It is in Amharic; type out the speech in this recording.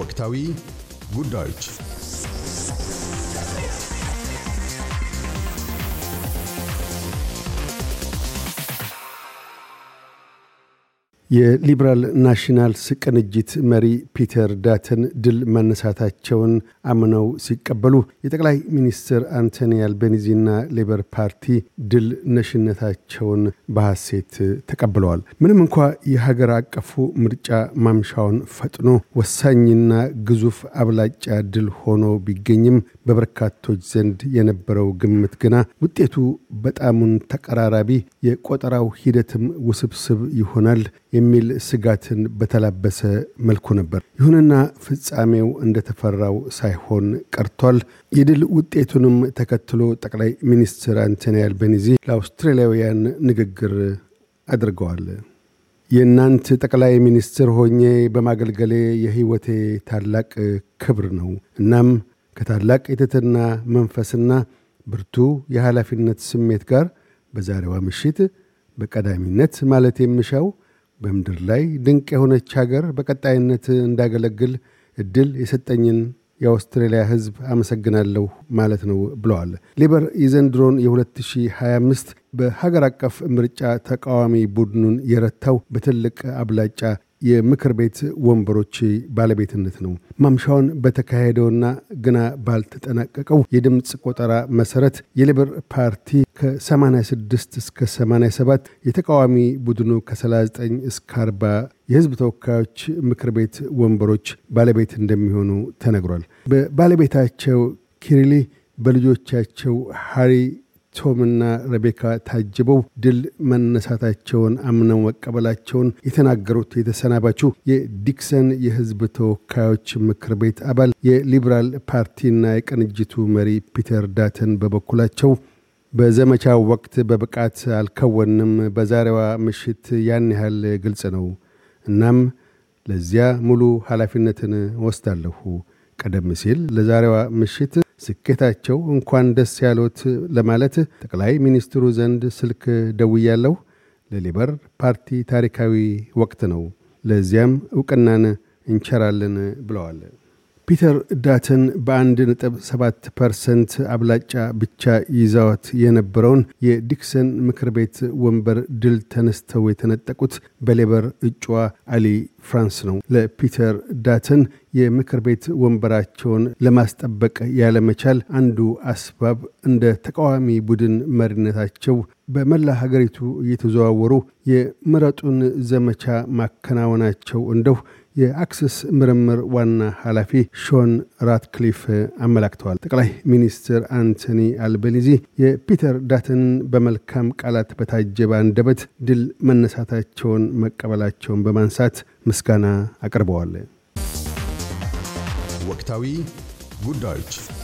ወቅታዊ ጉዳዮች የሊበራል ናሽናልስ ቅንጅት መሪ ፒተር ዳተን ድል መነሳታቸውን አምነው ሲቀበሉ የጠቅላይ ሚኒስትር አንቶኒ አልቤኒዚና ሌበር ፓርቲ ድል ነሽነታቸውን በሐሴት ተቀብለዋል። ምንም እንኳ የሀገር አቀፉ ምርጫ ማምሻውን ፈጥኖ ወሳኝና ግዙፍ አብላጫ ድል ሆኖ ቢገኝም በበርካቶች ዘንድ የነበረው ግምት ግና ውጤቱ በጣሙን ተቀራራቢ፣ የቆጠራው ሂደትም ውስብስብ ይሆናል የሚል ስጋትን በተላበሰ መልኩ ነበር። ይሁንና ፍጻሜው እንደተፈራው ሳይሆን ቀርቷል። የድል ውጤቱንም ተከትሎ ጠቅላይ ሚኒስትር አንቶኒ አልቤኒዚ ለአውስትራሊያውያን ንግግር አድርገዋል። የእናንት ጠቅላይ ሚኒስትር ሆኜ በማገልገሌ የህይወቴ ታላቅ ክብር ነው። እናም ከታላቅ የትህትና መንፈስና ብርቱ የኃላፊነት ስሜት ጋር በዛሬዋ ምሽት በቀዳሚነት ማለት የምሻው በምድር ላይ ድንቅ የሆነች ሀገር በቀጣይነት እንዳገለግል እድል የሰጠኝን የአውስትሬልያ ህዝብ አመሰግናለሁ ማለት ነው ብለዋል። ሌበር የዘንድሮን የ2025 በሀገር አቀፍ ምርጫ ተቃዋሚ ቡድኑን የረታው በትልቅ አብላጫ የምክር ቤት ወንበሮች ባለቤትነት ነው። ማምሻውን በተካሄደውና ግና ባልተጠናቀቀው የድምፅ ቆጠራ መሰረት የሊበር ፓርቲ ከ86 እስከ 87፣ የተቃዋሚ ቡድኑ ከ39 እስከ 40 የህዝብ ተወካዮች ምክር ቤት ወንበሮች ባለቤት እንደሚሆኑ ተነግሯል። በባለቤታቸው ኪሪሊ በልጆቻቸው ሃሪ ቶምና ረቤካ ታጅበው ድል መነሳታቸውን አምነው መቀበላቸውን የተናገሩት የተሰናባቹ የዲክሰን የህዝብ ተወካዮች ምክር ቤት አባል የሊበራል ፓርቲና የቅንጅቱ መሪ ፒተር ዳተን በበኩላቸው በዘመቻው ወቅት በብቃት አልከወንም፣ በዛሬዋ ምሽት ያን ያህል ግልጽ ነው። እናም ለዚያ ሙሉ ኃላፊነትን ወስዳለሁ። ቀደም ሲል ለዛሬዋ ምሽት ስኬታቸው እንኳን ደስ ያሎት ለማለት ጠቅላይ ሚኒስትሩ ዘንድ ስልክ ደውያለሁ። ለሊበር ፓርቲ ታሪካዊ ወቅት ነው፣ ለዚያም እውቅናን እንቸራለን ብለዋል። ፒተር ዳተን በአንድ ነጥብ ሰባት ፐርሰንት አብላጫ ብቻ ይዛወት የነበረውን የዲክሰን ምክር ቤት ወንበር ድል ተነስተው የተነጠቁት በሌበር እጩዋ አሊ ፍራንስ ነው። ለፒተር ዳተን የምክር ቤት ወንበራቸውን ለማስጠበቅ ያለመቻል አንዱ አስባብ እንደ ተቃዋሚ ቡድን መሪነታቸው በመላ ሀገሪቱ እየተዘዋወሩ የምረጡን ዘመቻ ማከናወናቸው እንደው የአክሰስ ምርምር ዋና ኃላፊ ሾን ራትክሊፍ አመላክተዋል። ጠቅላይ ሚኒስትር አንቶኒ አልቤኒዚ የፒተር ዳትን በመልካም ቃላት በታጀበ አንደበት ድል መነሳታቸውን መቀበላቸውን በማንሳት ምስጋና አቅርበዋል። ወቅታዊ ጉዳዮች